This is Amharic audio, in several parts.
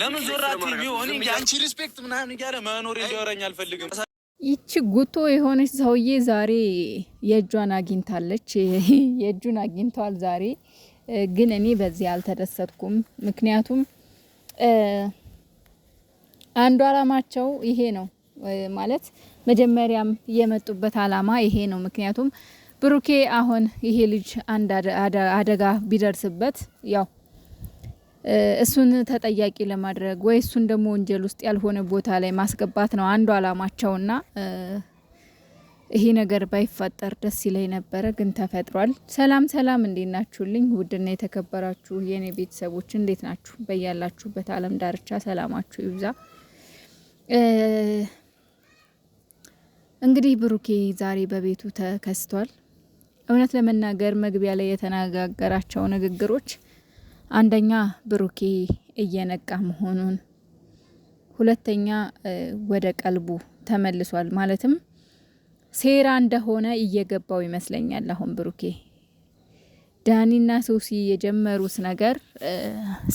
ለምን ሪስፔክት ምናምን እያለ መኖር እንዲያወራኝ አልፈልግም። ይቺ ጉቶ የሆነች ሰውዬ ዛሬ የእጇን አግኝታለች፣ የእጁን አግኝተዋል ዛሬ። ግን እኔ በዚህ አልተደሰትኩም። ምክንያቱም አንዱ አላማቸው ይሄ ነው ማለት መጀመሪያም የመጡበት አላማ ይሄ ነው። ምክንያቱም ብሩኬ አሁን ይሄ ልጅ አንድ አደጋ ቢደርስበት ያው እሱን ተጠያቂ ለማድረግ ወይ እሱን ደግሞ ወንጀል ውስጥ ያልሆነ ቦታ ላይ ማስገባት ነው አንዱ አላማቸውና ይሄ ነገር ባይፈጠር ደስ ይለኝ ነበረ፣ ግን ተፈጥሯል። ሰላም ሰላም፣ እንዴት ናችሁልኝ? ውድና የተከበራችሁ የእኔ ቤተሰቦች እንዴት ናችሁ? በያላችሁበት ዓለም ዳርቻ ሰላማችሁ ይብዛ። እንግዲህ ብሩኬ ዛሬ በቤቱ ተከስቷል። እውነት ለመናገር መግቢያ ላይ የተነጋገራቸው ንግግሮች አንደኛ ብሩኬ እየነቃ መሆኑን፣ ሁለተኛ ወደ ቀልቡ ተመልሷል። ማለትም ሴራ እንደሆነ እየገባው ይመስለኛል። አሁን ብሩኬ ዳኒና ሶሲ የጀመሩት ነገር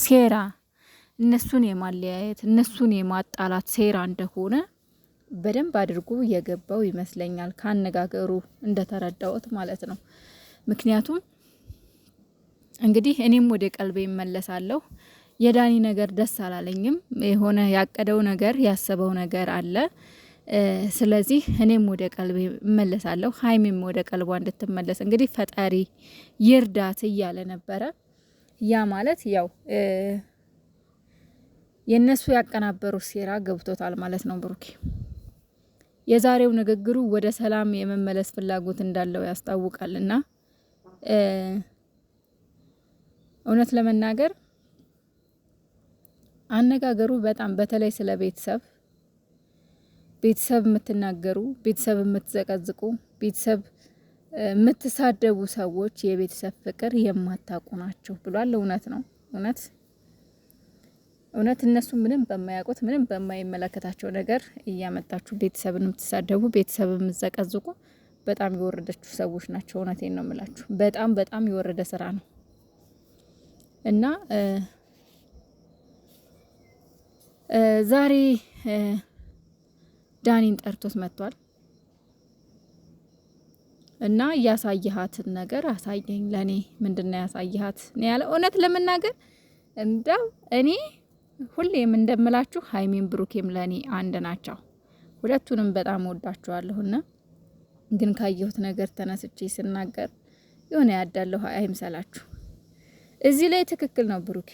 ሴራ እነሱን የማለያየት እነሱን የማጣላት ሴራ እንደሆነ በደንብ አድርጎ እየገባው ይመስለኛል። ከአነጋገሩ እንደተረዳሁት ማለት ነው። ምክንያቱም እንግዲህ እኔም ወደ ቀልቤ ይመለሳለሁ። የዳኒ ነገር ደስ አላለኝም። የሆነ ያቀደው ነገር ያሰበው ነገር አለ። ስለዚህ እኔም ወደ ቀልቤ እመለሳለሁ፣ ሀይሜም ወደ ቀልቧ እንድትመለስ እንግዲህ ፈጣሪ ይርዳት እያለ ነበረ። ያ ማለት ያው የእነሱ ያቀናበሩ ሴራ ገብቶታል ማለት ነው ብሩኬ። የዛሬው ንግግሩ ወደ ሰላም የመመለስ ፍላጎት እንዳለው ያስታውቃልና እውነት ለመናገር አነጋገሩ በጣም በተለይ ስለ ቤተሰብ ቤተሰብ የምትናገሩ ቤተሰብ የምትዘቀዝቁ ቤተሰብ የምትሳደቡ ሰዎች የቤተሰብ ፍቅር የማታውቁ ናቸው ብሏል። እውነት ነው። እውነት እውነት እነሱ ምንም በማያውቁት ምንም በማይመለከታቸው ነገር እያመጣችሁ ቤተሰብን የምትሳደቡ ቤተሰብ የምትዘቀዝቁ በጣም የወረደችሁ ሰዎች ናቸው። እውነቴን ነው የምላችሁ። በጣም በጣም የወረደ ስራ ነው። እና ዛሬ ዳኒን ጠርቶት መጥቷል እና ያሳየሃትን ነገር አሳየኝ፣ ለእኔ ምንድነው ያሳየሃት ነው ያለ። እውነት ለመናገር እንደው እኔ ሁሌም እንደምላችሁ ሀይሜን ብሩኬም ለእኔ አንድ ናቸው። ሁለቱንም በጣም ወዳችኋለሁና ግን ካየሁት ነገር ተነስቼ ስናገር የሆነ ያዳለሁ አይምሰላችሁ። እዚህ ላይ ትክክል ነው ብሩኬ።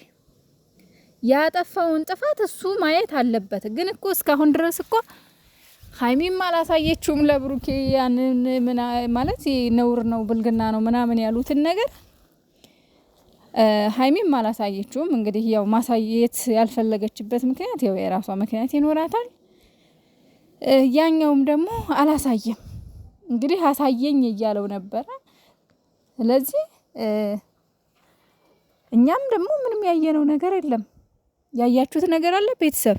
ያጠፋውን ጥፋት እሱ ማየት አለበት። ግን እኮ እስካሁን ድረስ እኮ ሀይሚም አላሳየችውም ለብሩኬ ያንን ማለት ነውር ነው ብልግና ነው ምናምን ያሉትን ነገር ሀይሚም አላሳየችውም። እንግዲህ ያው ማሳየት ያልፈለገችበት ምክንያት ያው የራሷ ምክንያት ይኖራታል። ያኛውም ደግሞ አላሳየም። እንግዲህ አሳየኝ እያለው ነበረ። ስለዚህ እኛም ደግሞ ምንም ያየነው ነገር የለም። ያያችሁት ነገር አለ ቤተሰብ?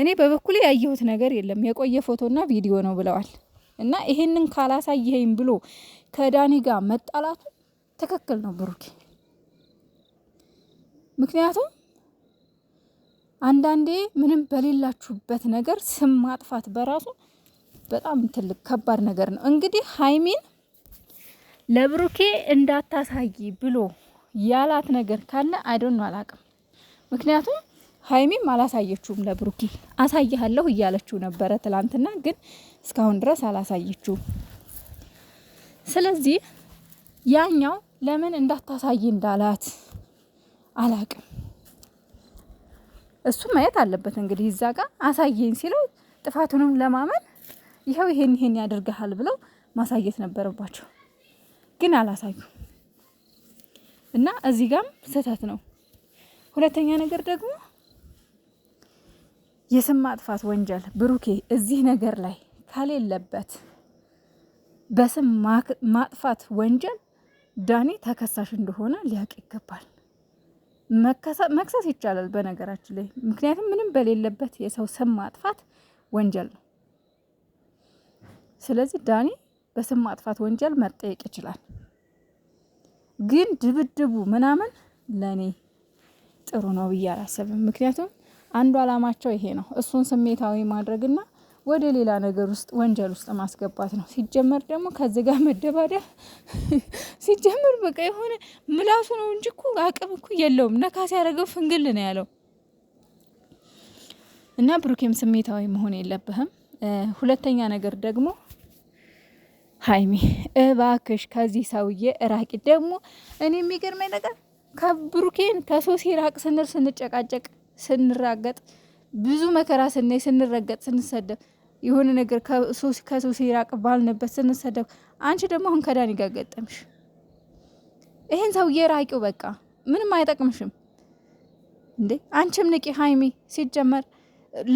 እኔ በበኩሌ ያየሁት ነገር የለም የቆየ ፎቶና ቪዲዮ ነው ብለዋል። እና ይሄንን ካላሳየኸኝ ብሎ ከዳኒ ጋር መጣላቱ ትክክል ነው ብሩኬ። ምክንያቱም አንዳንዴ ምንም በሌላችሁበት ነገር ስም ማጥፋት በራሱ በጣም ትልቅ ከባድ ነገር ነው። እንግዲህ ሀይሚን ለብሩኬ እንዳታሳይ ብሎ ያላት ነገር ካለ አይዶን ነው አላቅም። ምክንያቱም ሀይሚም አላሳየችውም ለብሩኪ አሳይሃለሁ እያለችው ነበረ ትላንትና፣ ግን እስካሁን ድረስ አላሳየችውም። ስለዚህ ያኛው ለምን እንዳታሳይ እንዳላት አላቅም። እሱ ማየት አለበት እንግዲህ እዛ ጋር አሳየኝ ሲለው ጥፋቱንም ለማመን ይኸው ይሄን ይሄን ያደርግሃል ብለው ማሳየት ነበረባቸው፣ ግን አላሳዩም። እና እዚህ ጋም ስህተት ነው። ሁለተኛ ነገር ደግሞ የስም ማጥፋት ወንጀል ብሩኬ እዚህ ነገር ላይ ከሌለበት በስም ማጥፋት ወንጀል ዳኒ ተከሳሽ እንደሆነ ሊያውቅ ይገባል። መክሰስ ይቻላል በነገራችን ላይ ምክንያቱም ምንም በሌለበት የሰው ስም ማጥፋት ወንጀል ነው። ስለዚህ ዳኒ በስም ማጥፋት ወንጀል መጠየቅ ይችላል። ግን ድብድቡ ምናምን ለእኔ ጥሩ ነው ብዬ አላሰብም። ምክንያቱም አንዱ አላማቸው ይሄ ነው፣ እሱን ስሜታዊ ማድረግና ወደ ሌላ ነገር ውስጥ ወንጀል ውስጥ ማስገባት ነው። ሲጀመር ደግሞ ከዚህ ጋር መደባደብ ሲጀመር በቃ የሆነ ምላሱ ነው እንጂ እኮ አቅም እኮ የለውም። ነካ ያደረገው ፍንግል ነው ያለው እና ብሩኬም ስሜታዊ መሆን የለብህም። ሁለተኛ ነገር ደግሞ ሀይሚ እባክሽ ከዚህ ሰውዬ እራቂ። ደግሞ እኔ የሚገርመኝ ነገር ከብሩኬን ከሶሴ ራቅ ስንል ስንጨቃጨቅ፣ ስንራገጥ፣ ብዙ መከራ ስናይ፣ ስንረገጥ፣ ስንሰደብ የሆነ ነገር ከሶሴ ራቅ ባልንበት ስንሰደብ፣ አንቺ ደግሞ አሁን ከዳኒ ጋር ገጠምሽ። ይህን ሰውዬ ራቂው፣ በቃ ምንም አይጠቅምሽም እንዴ! አንቺም ንቂ ሀይሚ ሲጀመር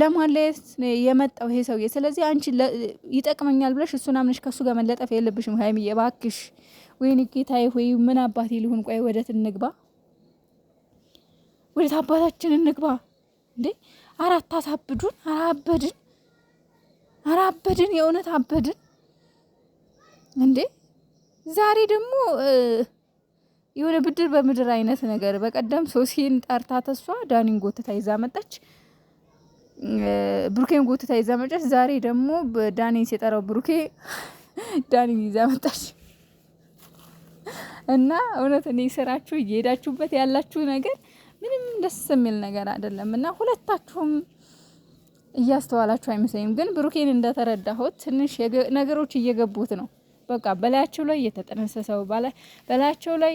ለማለየት የመጣው ይሄ ሰውዬ። ስለዚህ አንቺ ይጠቅመኛል ብለሽ እሱን አምነሽ ከሱ ጋር መለጠፍ የለብሽም ሀይሚዬ፣ እባክሽ። ወይኔ ጌታዬ ወይ ምን አባቴ ልሁን? ቆይ ወደት እንግባ፣ ወደት አባታችን እንግባ። እንዴ አራት አሳብዱን፣ አራበድን፣ አራበድን፣ የእውነት አበድን። እንዴ ዛሬ ደግሞ የሆነ ብድር በምድር አይነት ነገር። በቀደም ሶሲን ጠርታ ተሷ ዳኒን ጎትታ ይዛ መጣች። ብሩኬን ጎትታ ይዛ መጫች። ዛሬ ደግሞ ዳኔን ሲጠራው ብሩኬ ዳኔን ይዛ መጣች እና እውነት እኔ ስራችሁ እየሄዳችሁበት ያላችሁ ነገር ምንም ደስ የሚል ነገር አይደለም እና ሁለታችሁም እያስተዋላችሁ አይመስለኝም። ግን ብሩኬን እንደተረዳሁት ትንሽ ነገሮች እየገቡት ነው። በቃ በላያቸው ላይ የተጠነሰሰው በላያቸው ላይ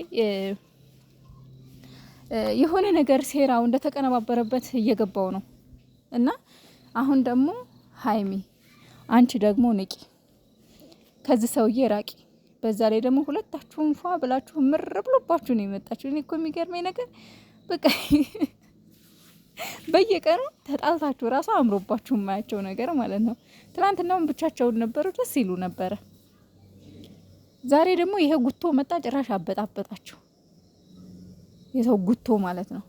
የሆነ ነገር ሴራው እንደተቀነባበረበት እየገባው ነው። እና አሁን ደግሞ ሀይሚ አንቺ ደግሞ ንቂ፣ ከዚህ ሰውዬ ራቂ። በዛ ላይ ደግሞ ሁለታችሁም ፏ ብላችሁ ምር ብሎባችሁ ነው የመጣችሁ። እኔ እኮ የሚገርመኝ ነገር በቃ በየቀኑ ተጣልታችሁ እራሱ አምሮባችሁ የማያቸው ነገር ማለት ነው። ትናንትናውን ብቻቸውን ነበሩ፣ ደስ ይሉ ነበረ። ዛሬ ደግሞ ይሄ ጉቶ መጣ፣ ጭራሽ አበጣበጣችሁ። የሰው ጉቶ ማለት ነው።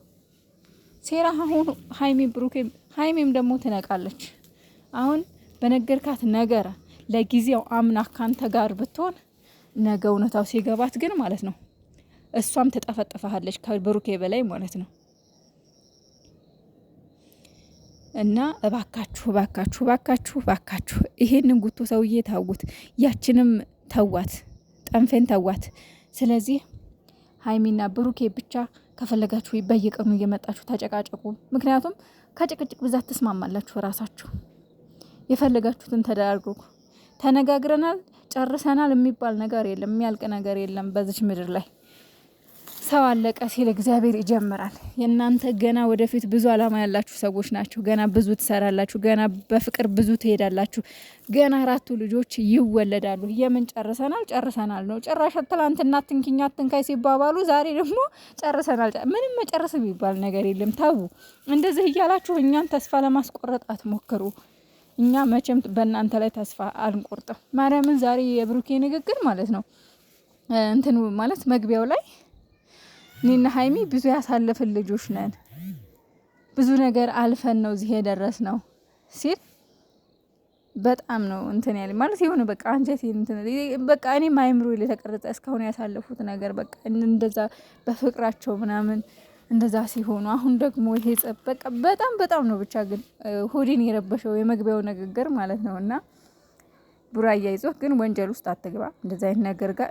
ሴራ አሁን ሀይሚ ብሩኬ ሀይሚም ደግሞ ትነቃለች። አሁን በነገርካት ነገር ለጊዜው አምና ካንተ ጋር ብትሆን ነገ እውነታው ሲገባት ግን ማለት ነው እሷም ትጠፈጥፈሃለች ከብሩኬ በላይ ማለት ነው። እና እባካችሁ እባካችሁ እባካችሁ እባካችሁ ይሄንን ጉቶ ሰውዬ ታውት፣ ያችንም ተዋት፣ ጠንፌን ተዋት። ስለዚህ ሀይሚና ብሩኬ ብቻ ከፈለጋችሁ በየቀኑ እየመጣችሁ ተጨቃጨቁ። ምክንያቱም ከጭቅጭቅ ብዛት ትስማማላችሁ። ራሳችሁ የፈለጋችሁትን ተደራርጉ። ተነጋግረናል ጨርሰናል የሚባል ነገር የለም፣ የሚያልቅ ነገር የለም በዚች ምድር ላይ ሰው አለቀ ሲል እግዚአብሔር ይጀምራል። የእናንተ ገና ወደፊት ብዙ አላማ ያላችሁ ሰዎች ናችሁ። ገና ብዙ ትሰራላችሁ። ገና በፍቅር ብዙ ትሄዳላችሁ። ገና አራቱ ልጆች ይወለዳሉ። የምን ጨርሰናል ጨርሰናል ነው ጭራሽ ትላንትና ትንኪኛ ትንካይ ሲባባሉ ዛሬ ደግሞ ጨርሰናል። ምንም መጨረስ የሚባል ነገር የለም። ተዉ። እንደዚህ እያላችሁ እኛን ተስፋ ለማስቆረጥ አትሞክሩ። እኛ መቼም በእናንተ ላይ ተስፋ አንቆርጥም። ማርያምን ዛሬ የብሩኬ ንግግር ማለት ነው እንትን ማለት መግቢያው ላይ እኔና ሀይሚ ብዙ ያሳለፍን ልጆች ነን፣ ብዙ ነገር አልፈን ነው እዚህ የደረስ ነው ሲል በጣም ነው እንትን ያለ ማለት የሆነ በቃ አንጀት እንትን በቃ እኔም አይምሮ የተቀረጸ እስካሁን ያሳለፉት ነገር በቃ እንደዛ በፍቅራቸው ምናምን እንደዛ ሲሆኑ አሁን ደግሞ ይሄ ጸብ በቃ በጣም በጣም ነው ብቻ ግን ሆዴን የረበሸው የመግቢያው ንግግር ማለት ነው እና ቡራያ ይዞህ ግን ወንጀል ውስጥ አትግባ። እንደዚ አይነት ነገር ጋር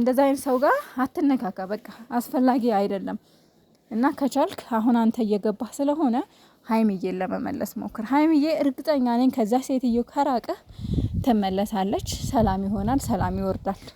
እንደዚ አይነት ሰው ጋር አትነካካ። በቃ አስፈላጊ አይደለም። እና ከቻልክ አሁን አንተ እየገባህ ስለሆነ ሀይምዬን ለመመለስ ሞክር። ሀይምዬ እርግጠኛ ነኝ ከዛ ሴትዮ ከራቀህ ትመለሳለች። ሰላም ይሆናል፣ ሰላም ይወርዳል።